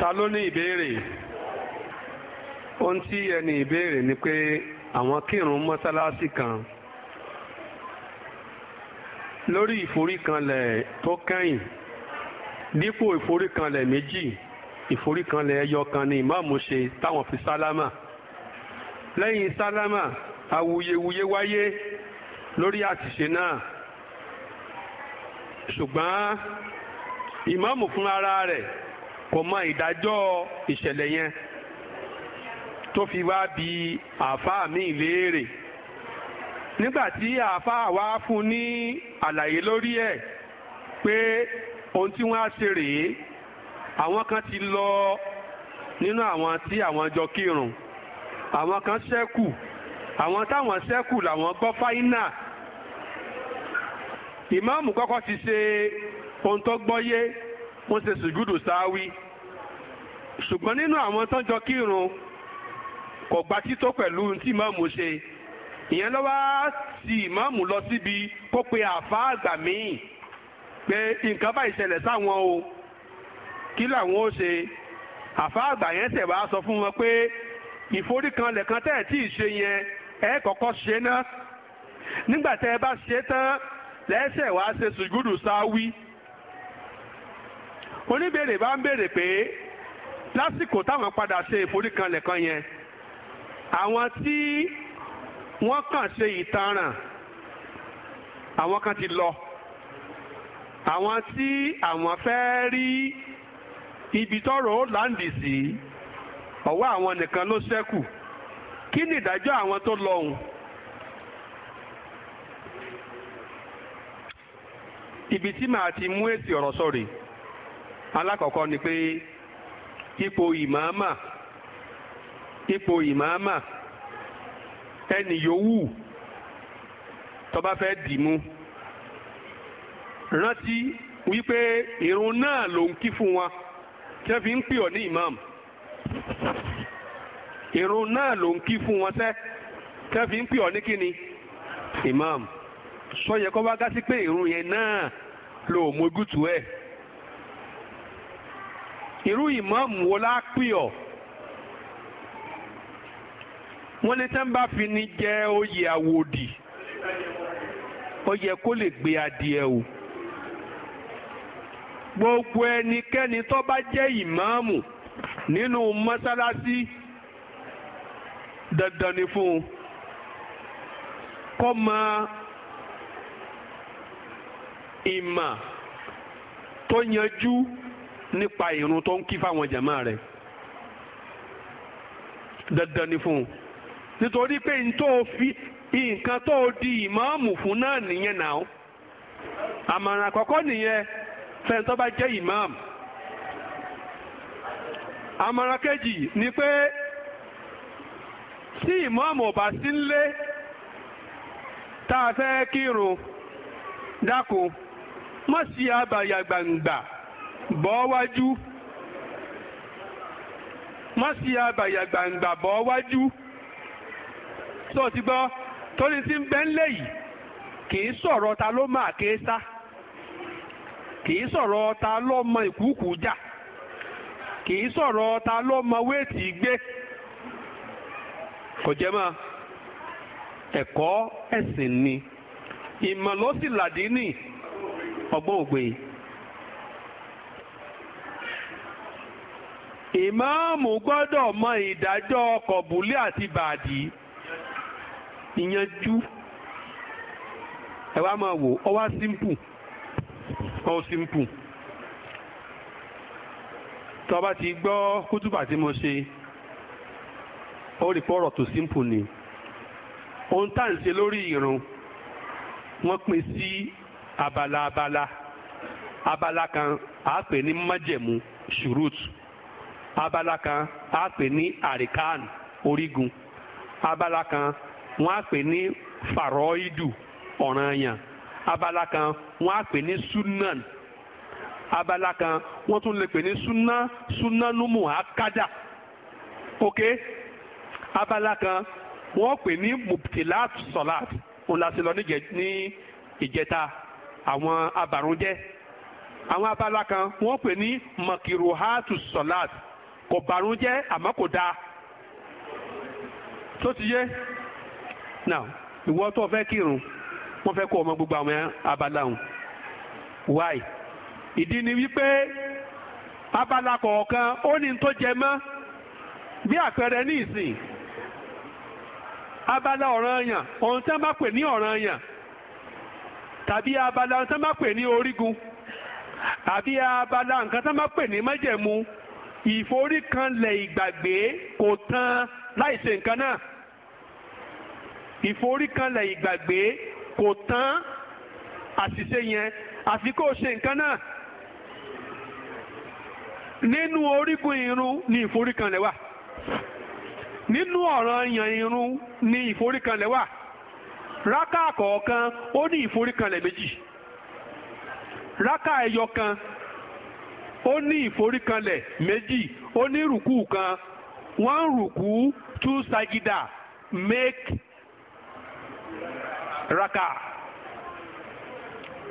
ta ló ní ìbéèrè ohun tí ẹni ìbéèrè ni pé àwọn kírun mọ́sálásí kan lórí ìforíkanlẹ̀ tó kẹ́yìn dípò ìforíkanlẹ̀ méjì ìforíkanlẹ̀ ẹyọ kan ni ìmáàmù ṣe táwọn fi sálámà lẹ́yìn sálámà awuyewuye wáyé lórí àtìṣe náà ṣùgbọ́n ìmáàmù fúnra rẹ̀ kò mọ ìdájọ́ ìṣẹ̀lẹ̀ yẹn tó fi wá bi àáfàá mi léèrè nígbà tí àáfàá wá fún ní àlàyé lórí ẹ̀ pé ohun tí wọ́n á ṣe rèé àwọn kan ti lọ nínú àwọn tí àwọn jọ kírun àwọn kan ṣẹ́kù àwọn táwọn ṣẹ́kù làwọn gbọ́ fáínà ìmáàmù kọ́kọ́ ti ṣe ohun tó gbọ́yé wọ́n ṣe sùjúdù sáwí ṣùgbọ́n nínú àwọn tán jọ kírun kò gba títọ́ pẹ̀lú tí ìmáàmù ṣe ìyẹn ló wá ti ìmáàmù lọ síbi kó pe àáfàá àgbà míì pé nǹkan bá ìṣẹ̀lẹ̀ sáwọn o kí làwọn ó ṣe àáfàá àgbà yẹn tẹ̀ wá sọ fún wọn pé ìforíkanlẹ̀ kan tẹ̀ tí ì ṣe yẹn ẹ kọ́kọ́ ṣe ná nígbà tẹ́ ẹ bá ṣe tán lẹ́sẹ̀ wá ṣe sùjúdù sáwí oníbèrè bá ń béèrè pé lásìkò táwọn padà ṣe ìforíkanlẹ̀ kan yẹn àwọn tí wọ́n kàn ṣe ìtaràn àwọn kan ti lọ àwọn tí àwọn fẹ́ rí ibi tọ́rọ̀ ó láǹdì sí ọ̀wọ́ àwọn nìkan ló ṣẹ́kù kí ni ìdájọ́ àwọn tó lọ́hùn. ibi tí màá ti mú èsì ọ̀rọ̀ sọ̀rọ̀ alákọ̀ọ́kọ́ ni pé ipò ìmáàmà ipò ìmáàmà ẹnì yòówù tó bá fẹ́ dìímú rántí wípé irun náà ló ń kí fún wa tí fi ń pè ọ́ ní imam irun náà ló ń kí fún wọn sẹ́ tí fi ń pè ọ́ ní kíni imam sọ yẹ kó wá gá sí pé irun yẹn náà ló mójútó ẹ̀ irú ìmáàmù wo la pè ọ́ wọ́n ní tẹ́ǹbà fi ní jẹ́ oyè àwòdì ó yẹ kó lè gbé adìẹ o gbogbo ẹnikẹ́ni tó bá jẹ́ ìmáàmù nínú mọ́sálásí dandan ni fún un kó mọ ìmọ̀ tó yanjú nípa ìrun tó ń kí fáwọn jàmá rẹ̀ dandan ni fún un nítorí pé ntọ́ fi nǹkan tó di ìmáàmù fún náà nìyẹn náà àmọ̀ràn àkọ́kọ́ nìyẹn fẹ́ntọ́ bá jẹ́ ìmáàmù àmọ̀ràn kejì ni pé tí ìmáàmù ò sí nílé tá a fẹ́ kírun dákun mọ̀ sí abàyàgbàǹgbà. bọ́ wájú abàyà gbàǹgbà bọ́ wájú ti gbọ́ torí tí yìí kì í sọ̀rọ̀ ta ló máa ké sá kì í sọ̀rọ̀ ta ló mọ ìkúùkù jà kì í sọ̀rọ̀ ta ló mọ wéètì gbé kò jẹ́ ni ìmọ̀ ló ìmáàmù gbọ́dọ̀ mọ ìdájọ́ kọ̀bùlé àti bàdí ìyanjú ẹ wá máa wò ọ wá simple ọ simple tó bá ti gbọ́ kútùbà tí mo ṣe ó rí pọ́rọ̀ tó simple ni ohun tá à ń ṣe lórí ìrun wọ́n pín sí abala abala abala kan àá pè ní májẹ̀mú ṣùrùtù abala kan á pè ní àríkàn orígun abala kan wọ́n á pè ní fàrọ́ìdù ọ̀ranyàn abala kan wọ́n á pè ní sunan abala kan wọ́n tún lè pè ní sunan sunanumu akada ok abala kan wọ́n pè ní mubtilat salat òun la ṣe lọ ní ìjẹta àwọn abàrúnjẹ àwọn abala kan wọ́n pè ní makiruhatu salat kò bàrún jẹ́ àmọ́ kò dáa tó ti yé now ìwọ tó fẹ́ kírun wọ́n fẹ́ kó ọmọ gbogbo àwọn abala hùn why ìdí ni wípé abala kọ̀ọ̀kan ó ní tó jẹ mọ́ bí àpẹẹrẹ ní ìsìn abala ọ̀ranyàn ohun tí wọ́n bá pè ní tàbí abala ohun tí wọ́n bá pè ní orígun àbí abala nǹkan tí wọ́n bá pè ní ìforíkanlẹ̀ ìgbàgbé kò tán láìṣe nǹkan náà ìforíkanlẹ̀ ìgbàgbé kò tán àṣìṣe yẹn àfi kó ṣe nǹkan náà nínú orígun irun ni ìforíkanlẹ̀ wà nínú ọ̀ranyàn irun ni ìforíkanlẹ̀ wà rákà kọ̀ọ̀kan ó ní ìforíkanlẹ̀ méjì rákà ẹyọ kan. ó ní ìforíkanlẹ̀ méjì ó ní rùkú kan one rùkú two sagida make raka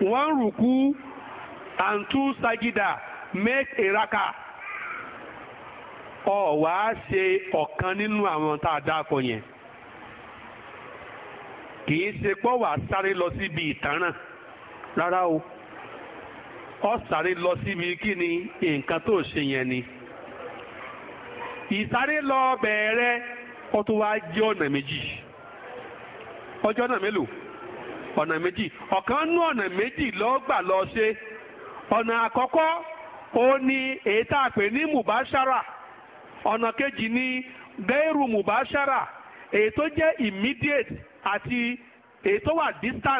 one rùkú and two sagida make a raka ó wá ṣe ọ̀kan nínú àwọn tá a dáko yẹn kì í ṣe pọ́ sáré lọ síbi ìtàn rárá o. ọ sáré lọ síbi kí ni nǹkan tó ṣe yẹn ni lọ bẹ̀rẹ̀ ó tún wá jẹ́ ọ̀nà méjì ọjọ́ ọ̀nà mélòó ọ̀nà méjì ọ̀kan nú ọ̀nà méjì lọ́gbà lọ ṣe ọ̀nà àkọ́kọ́ ó ní èyí tá a pè ní mùbáṣára ọ̀nà kejì ní gẹ́rù mùbáṣára èyí tó jẹ́ immediate àti èyí tó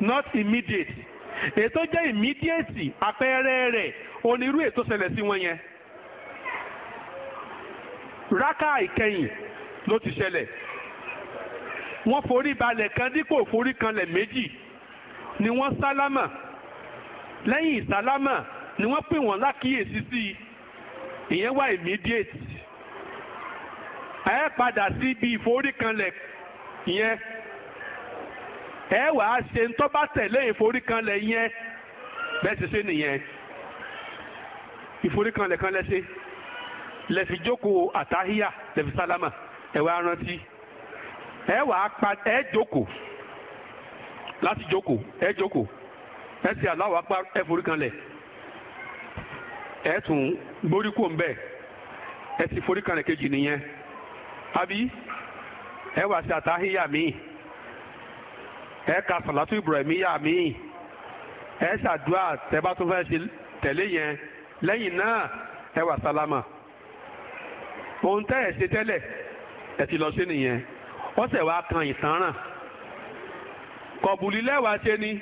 not immediate ètò jẹ́ ìmídíètì àpẹẹrẹ rẹ̀ onírú ètò ṣẹlẹ̀ sí wọn yẹn rákà ìkẹyìn ló ti ṣẹlẹ̀ wọ́n forí balẹ̀ kan dípò forí kanlẹ̀ méjì ni wọ́n sálámà lẹ́yìn ìsálámà ni wọ́n pè wọ́n lákìyèsí sí i ìyẹn wà immediate ẹ padà sí ibi ìforí kanlẹ̀ yẹn ẹ wà á ṣe ń tọ́ba tẹ̀lé ìforíkanlẹ̀ yẹn bẹ́ẹ̀ ti ṣe nìyẹn ìforíkanlẹ̀ kan lẹ́sẹ̀ lẹ́fi jókòó àtàhíyà lẹ́fi sálámà ẹ wà á rántí ẹ wà á pa ẹ jókòó láti jókòó ẹ jókòó ẹ ti Allahu Akbar ẹ foríkanlẹ̀ ẹ tún borí kò ń bẹ ẹ ti foríkanlẹ̀ kejì nìyẹn àbí ẹ wà sí àtàhíyà míì ẹ ka sàlátù ibrahimiya mi ẹ ṣàdúrà tẹ bá tún fẹ́ ṣe tẹ̀lé yẹn lẹ́yìn náà ẹ wà sálámà ohun tẹ́ ẹ ṣe tẹ́lẹ̀ ẹ ti lọ sí nìyẹn ó sì wá kan ìtanràn kọ̀bùlì lẹ́wàá ṣe ni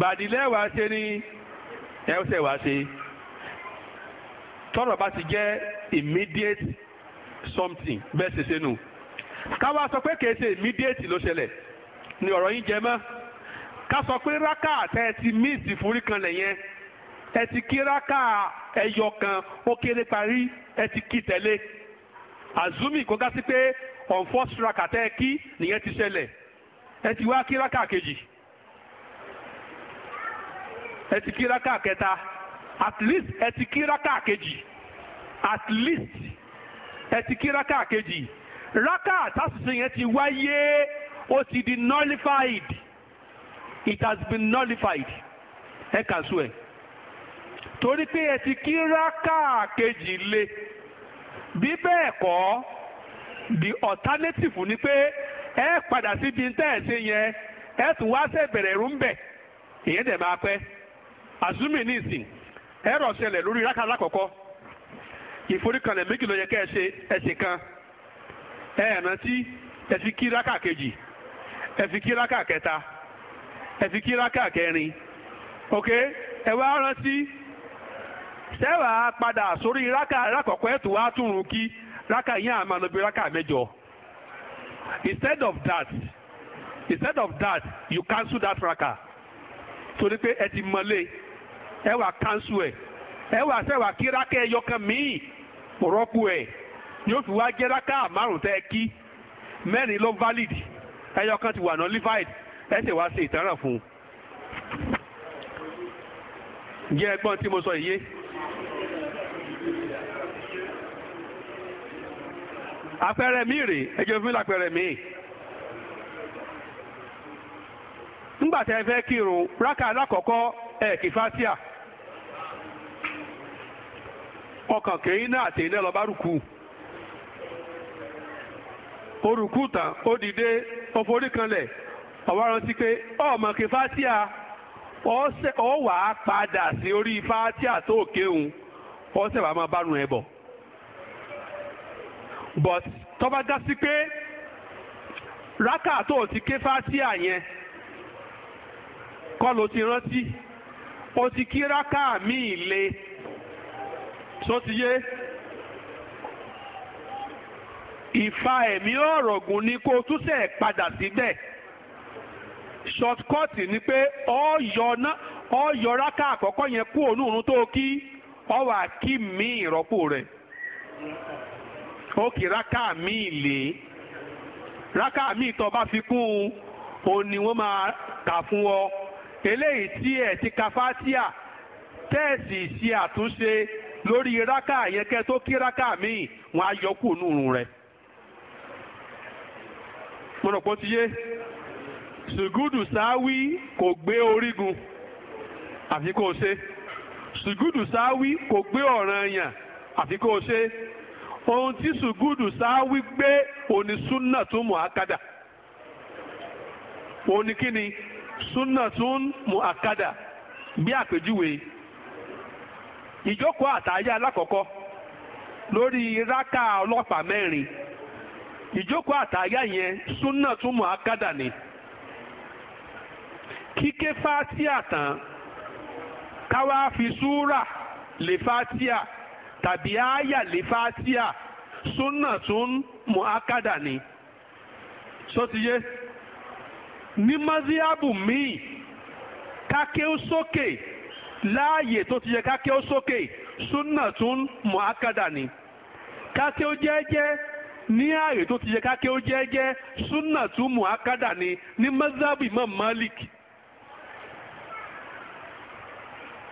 bàdí lẹ́wàá ṣe ni ẹ sì wá ṣe tọ́rọ̀ bá ti jẹ́ immediate something bẹ́ẹ̀ ṣe ṣe nù káwá sọ pé kèé ṣe immediate ló ṣẹlẹ̀ ni ọ̀rọ̀ yín jẹ mọ́ ká sọ pé rákà tẹ ẹ ti míìsì forí kan lẹ̀yẹn ẹ ti kí rákà ẹyọ kan ó kéré parí ẹ ti kí tẹ̀lé azumi kó gá sí pé on first rákà tẹ ẹ kí nìyẹn ti ṣẹlẹ̀ ẹ ti wá kí rákà kejì ẹ ti kí rákà kẹta at least ẹ ti kí rákà kejì at least ẹ ti kí rákà kejì rákà tásìsì yẹn ti wáyé. ó ti di nullified it has been nullified ẹ kà sùn torí pé ẹ ti kí rákà kejì lé bí bẹ́ẹ̀ kọ́ the alternative ni pé ẹ padà síbi tẹ́ ẹ ṣe yẹn ẹ tún wá ṣe bẹ̀rẹ̀ ẹ̀rú ń bẹ̀ ìyẹn dẹ̀ máa pẹ́ azumi ní ìsìn ẹ rọ̀ ṣẹlẹ̀ lórí rákà ìforíkanlẹ̀ kan ẹ rántí ẹ fi ẹ fi kíráka kẹta ẹ fi kíráka kẹrin ok ẹ wá rántí sẹ́wà padà sórí ráka rákọ̀kọ́ ẹ̀tù wá túrun kí ráka yín àmàlùbí ráka mẹ́jọ instead of that instead of that you cancel that raka torí pé ẹ ti mọ̀lé ẹ cancel ẹ ẹ wà sẹ́wà kí ráka ẹyọ rọ́pò ẹ yóò fi wá jẹ́ ráka márùn-ún tẹ́ kí mẹ́rin ló valid. ẹyọ kan ti wà nullified ẹ sì wá sí ìtanràn fún un. jẹ́ ẹgbọ́n tí mo sọ yìí yé. àpẹẹrẹ mi rè ẹjọ fún mi lápẹẹrẹ mi. nígbà tẹ́ ẹ fẹ́ kírun rákà alákọ̀ọ́kọ́ ẹ̀ kí ọkàn kẹ́yìn náà àtẹ̀yìn náà bá rùkú tán ó dìde òforí kanlẹ̀ ọ̀wá rántí pé ọmọ kí fatia ọ wà á padà sí orí fatia tó kéwòn ọ sẹ̀wá máa bá nu ẹ bọ̀ but tọ́ba dá sí pé rákà tó ti ké fatia yẹn kọ́ ló ti rántí o ti kí rákà míì le sọ ti yé. So ìfa ẹ̀mí ọ̀rọ̀gùn ni kó o shortcut ni pé ọ yọ rákà àkọ́kọ́ yẹn kú òun òun tó kí ọ wà kí mi ìrọ́pò rẹ̀ ó kì mi lè raka mi tó bá fi kún un ni wọ́n máa kà fún ọ eléyìí tí ẹ̀ ti ka fátíà tẹ́ẹ̀sì ṣe àtúnṣe lórí lori yẹn kẹ́ tó kí mi á yọ kú òun mo rò pé ó ti yé sùgúdù sáwí kò gbé orígun àfi kó o ṣe sùgúdù sáwí kò gbé ọ̀ranyàn àfi kó o ṣe ohun tí sùgúdù sáwí gbé òní súnà tún mùákàdà òní kíni súnà tún mùákàdà bí àpèjúwe ìjókòó àtàyà alákọ̀ọ́kọ́ lórí rákà ọlọ́pàá mẹ́rin ìjókòó àtàyà yẹn súnà túmọ̀ akádà ni kíké fatia tán káwá fi súrà lè fatia tàbí àyà lè fatia súnà tún mọ̀ akádà ni sọtiyé ní maziabu míì káké ó sókè láàyè tó ti yẹ káké ó sókè súnà tún akádà ni káké ó jẹ́jẹ́ ní ààyè tó ti yẹ káké ó jẹ́jẹ́ súnà tún ni ní mazhab imam malik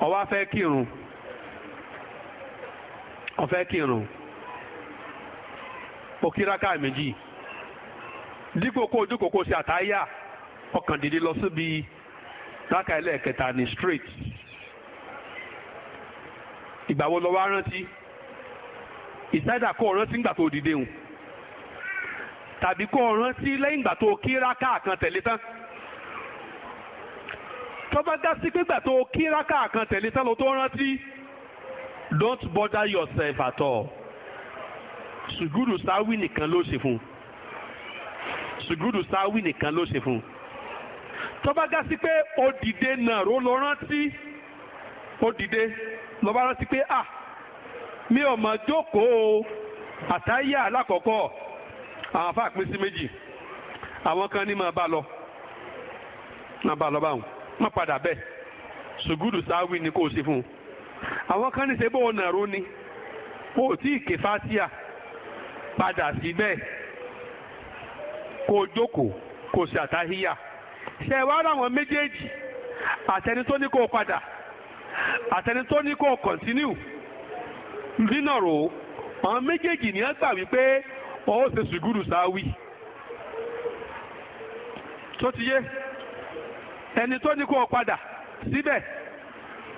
ó wá fẹ́ kírun ó fẹ́ kírun ó kí rákà méjì dípò kó ojú kòkó ṣe àtáyà ọkàn dìde lọ síbi rákà ẹlẹ́ẹ̀kẹta ní straight ìgbà wo lọ wá rántí ìsáyidà kó rántí ńgbà tó dìde hùn tàbí kó o rántí lẹ́yìn ìgbà tó o kí rákà kan tẹ̀lé tán tó bá pé ìgbà tó o kí rákà kan tẹ̀lé tán ló tó rántí don't bother yourself at all sùgúrù sáwì nìkan ló ṣe fún sùgúrù sáwì nìkan ló ṣe fún tó bá dá sí pé o dìde nàró ló rántí o dìde ló bá rántí pé ah mi ò mà jókòó àtáyà alákọ̀ọ́kọ́. àwọn afa pín sí méjì àwọn kan ní máa bá lọ máa bá lọ báwọn má padà bẹ́ẹ̀ sùgúdù Sawi ni kò sí fún un àwọn kan ní ṣe bó nàró ni kò tí ì ké fásíà padà sí bẹ́ẹ̀ kò jókòó kò sí àtàhíyà ṣe wá ráwọn méjèèjì àtẹni tó ní kó padà àtẹni tó ní kó kọ̀ntínú nínà rò àwọn méjèèjì ni wọ́n gbà wípé ó ṣe sùgúrù sáwí tó ti yé ẹni tó ní kó o padà síbẹ̀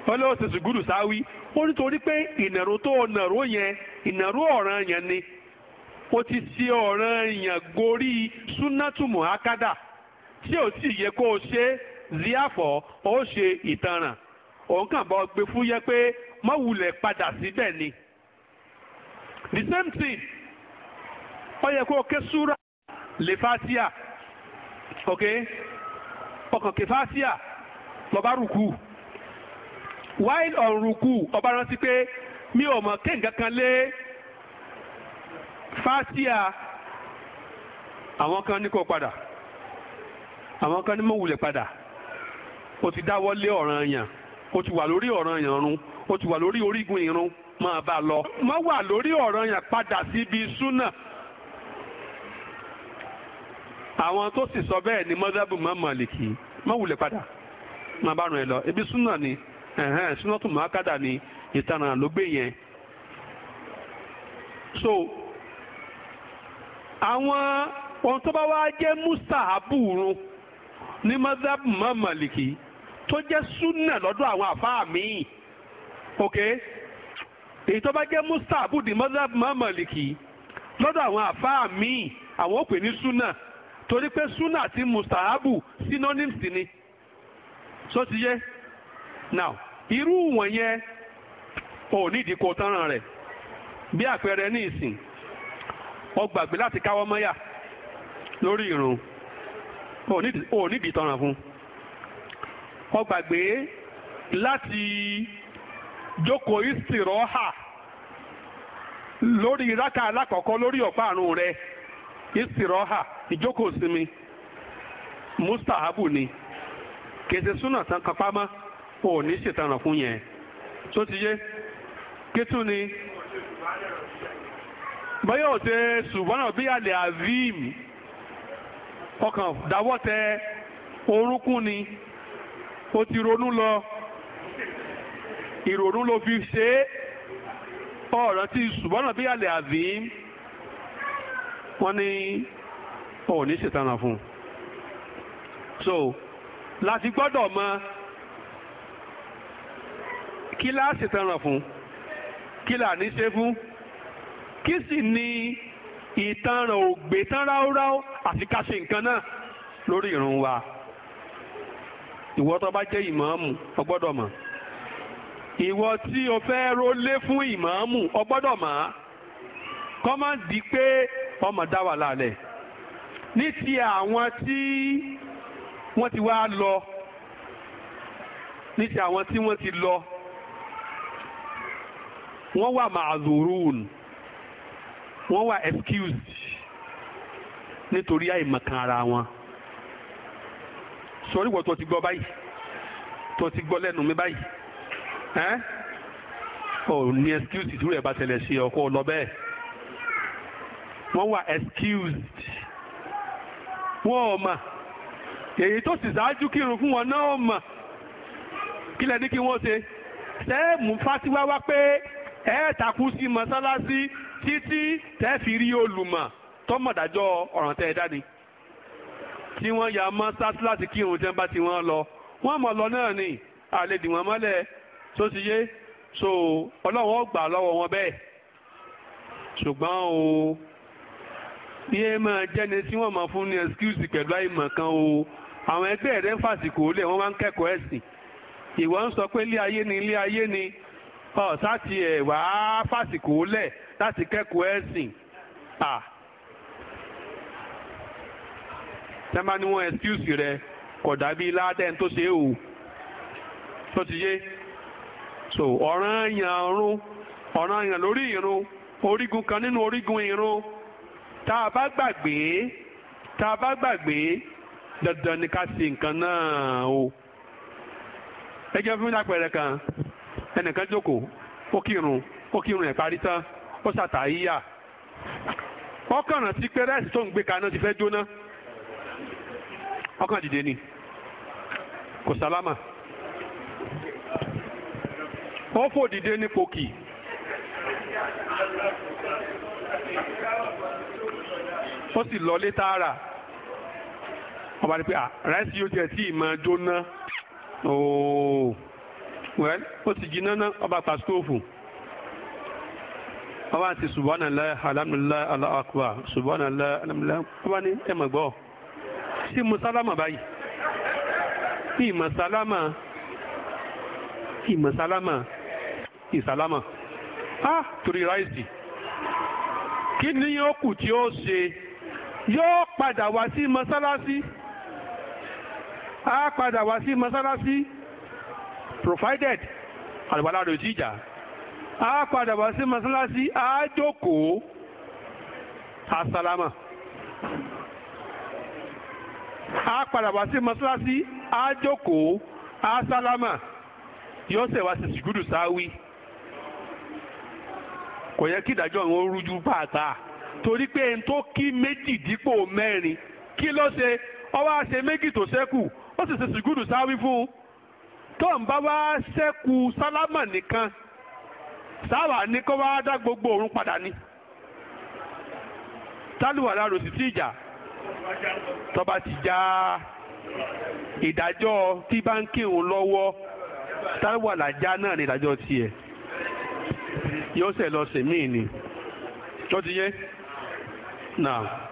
ó lọ́wọ́ sùgúrù sáwí ó pé ìnàró tó o nàró yẹn ìnàró ọ̀ràn yẹn ni ó ti ṣe ọ̀ràn yẹn gorí tí sì yẹ kó o ṣe ziafọ ṣe ìtanràn òun kàn gbé ni the ó yẹ kó ké súra lè fásíà ok ọkàn ké fásíà lọ́ba rùkú while on rùkú ọba rántí pé mi ò mọ̀ ké nǹkan kan lé fásíà àwọn kan ní kó padà àwọn kan ní mọ̀ wulẹ̀ padà o ti dáwọ́ lé ọ̀ràn yàn o ti wà lórí ọ̀ràn yàn run o ti wà lórí orígun ìrun máa bá a lọ. má wà lórí ọ̀ràn yàn padà síbi súnà àwọn tó sì sọ bẹ́ẹ̀ ni mọ́dábù má màlìkì má wulẹ̀ padà má bá ràn lọ ebi súnà ni súnà tó má kádà ni ìtanràn ló gbé yẹn. so àwọn ohun tó bá wá jẹ́ mustahabu run ní mọ́dábù má màlìkì tó jẹ́ súnà lọ́dọ̀ àwọn àfáà míì ok èyí tó bá jẹ́ mustahabu ní mọ́dábù má màlìkì lọ́dọ̀ àwọn àfáà míì àwọn ò pè ní súnà torí pé súnà àti mustahabu synonyms ni so ti yé now irú wọ̀nyẹn ò ní ìdíkò tánràn rẹ̀ bí àpẹẹrẹ ní ìsìn ó gbàgbé láti káwọ́ mọ́yà lórí ìrun ò ní ìdí tánràn fún ó gbàgbé láti jókòó ìsìrọ́hà lórí ìrákà alákọ̀ọ́kọ́ lórí ọ̀pá àrùn rẹ̀. ìsìrọ́hà ìjókòó sinmi mustahabu ni kèsè suna tán kápá mọ́ ò ní ṣètànà fún yẹn tó ti yé kítú ni báyọ̀ òde ṣùgbọ́n bí àlẹ́ avim ọkàn dáwọ́ tẹ orúnkún ni o ti ronú lọ ìrònú ló fi ṣe é ọ̀rọ̀ ti ṣùgbọ́n bí àlẹ́ avim. wọ́n ní ò ní ṣètànà fún un so láti gbọ́dọ̀ mọ kí la ṣètànà fún kí là ní ṣe fún kí sì ni ìtanràn ògbé tán ráúráú àti ká ṣe nǹkan náà lórí ìrun wa ìwọ tó bá jẹ́ ìmáàmù o gbọ́dọ̀ mọ̀ ìwọ tí o fẹ́ rólé fún ìmáàmù o gbọ́dọ̀ mọ̀ kọ́ di pé ọmọ dá wà lálẹ́ ní ti àwọn tí wọ́n ti wá lọ ní ti àwọn tí wọ́n ti lọ wọ́n wà màzùrùn wọ́n wà excused nítorí àìmọ̀kan ara wọn sọrí wọ́n tó ti gbọ́ báyìí tó ti gbọ́ lẹ́nu mi báyìí ẹ́ ò ní excuse ìtúrẹ̀ bá tẹ̀lẹ̀ ṣe ọkọ̀ lọ bẹ́ẹ̀ wọ́n wà excused wọ́n ò mọ̀ èyí tó sì ṣáájú kírun fún wọn náà ò mọ̀ kí lẹ́ni kí wọ́n ṣe sẹ́ẹ̀mù fásiwá wá pé ẹ takú sí mọ́sálásí títí tẹ́ fi rí olùmọ̀ tọ́mọ̀dájọ́ ọ̀ràn tẹ́ ẹ dání tí wọ́n ya mọ́sálásí láti kírun tẹ́ ń bá wọ́n lọ wọ́n mọ̀ lọ náà ni àlè dì mọ́lẹ̀ tó ti yé so ọlọ́run ó gbà lọ́wọ́ wọn bẹ́ẹ̀ ṣùgbọ́n o yéé máa jẹ́ni tí wọ́n máa fún ní excuse pẹ̀lú àìmọ̀ kan o àwọn ẹgbẹ́ rẹ̀ ń fàsìkò lẹ̀ wọ́n máa ń kẹ́kọ̀ọ́ ẹ̀sìn ìwọ ń sọ pé ilé ayé ni ilé ayé ni ọ̀sá ti ẹ̀ wá fàsìkò lẹ̀ láti kẹ́kọ̀ọ́ ẹ̀sìn à tẹ́mbà ni wọ́n excuse rẹ kò dàbí ládẹ́n tó ṣe é o tó ti yé so ọ̀ràn yàn ọ̀run ọ̀ràn yàn lórí ìrun orígun kan nínú orígun ìrun tá a bá gbàgbé tá a bá gbàgbé dandan ni ká ṣe nǹkan náà o. ẹ jẹ́ fún mi lápẹ̀rẹ̀ kan ẹnìkan jókòó ó kírun ó kírun ẹ̀ parí tán ó ṣàtàyíyà ọkàn rántí pé rẹ́ẹ̀sì tó ń gbé kaná ti fẹ́ jóná ọkàn dìde ni kò sálámà ó fò dìde ní pòkì ó sì lọlé tààrà wọ́n bá rí pé à ráìsì yóò tiẹ̀ tí ì máa jóná ooo wẹ́n ó sì jiná ná ọba pa stóòfù ọba ti subhanallah alhamdulillah Allahu akbar subhanallah alhamdulillah ọba ní ẹ̀ mọ̀ gbọ́ sí musalama báyìí ìmọ̀sálámà ìmọ̀sálámà ìsálámà ah torí ráìsì kí ni ó kù tí ó ṣe yóò padà wá sí mọ́sálásí á padà wá sí mọ́sálásí provided àlùbálà rẹ̀ sí ìjà á padà wá sí mọ́sálásí á jókòó àsàlámà á padà wá sí mọ́sálásí á jókòó àsàlámà yóò ṣe wá sí sùgúdù sáwí kò yẹ kí ìdájọ́ òun ó rújú bá a ta torí pé ẹni tó kí méjì dípò mẹ́rin kí ló ṣe ó wá ṣe méjì tó ṣẹ́kù ó sì ṣe sùgúdù sáwí fún un tó ń bá wá ṣẹ́kù sálámà nìkan sáwà ní kó wá dá gbogbo òun padà ní. tálùwà lárò sí tí ìjà tọba ti já ìdájọ́ tí bá ń kírun lọ́wọ́ tálùwà làjá náà ní ìdájọ́ tiẹ̀ yóò ṣe lọ sèmí ni tó ti yé. نعم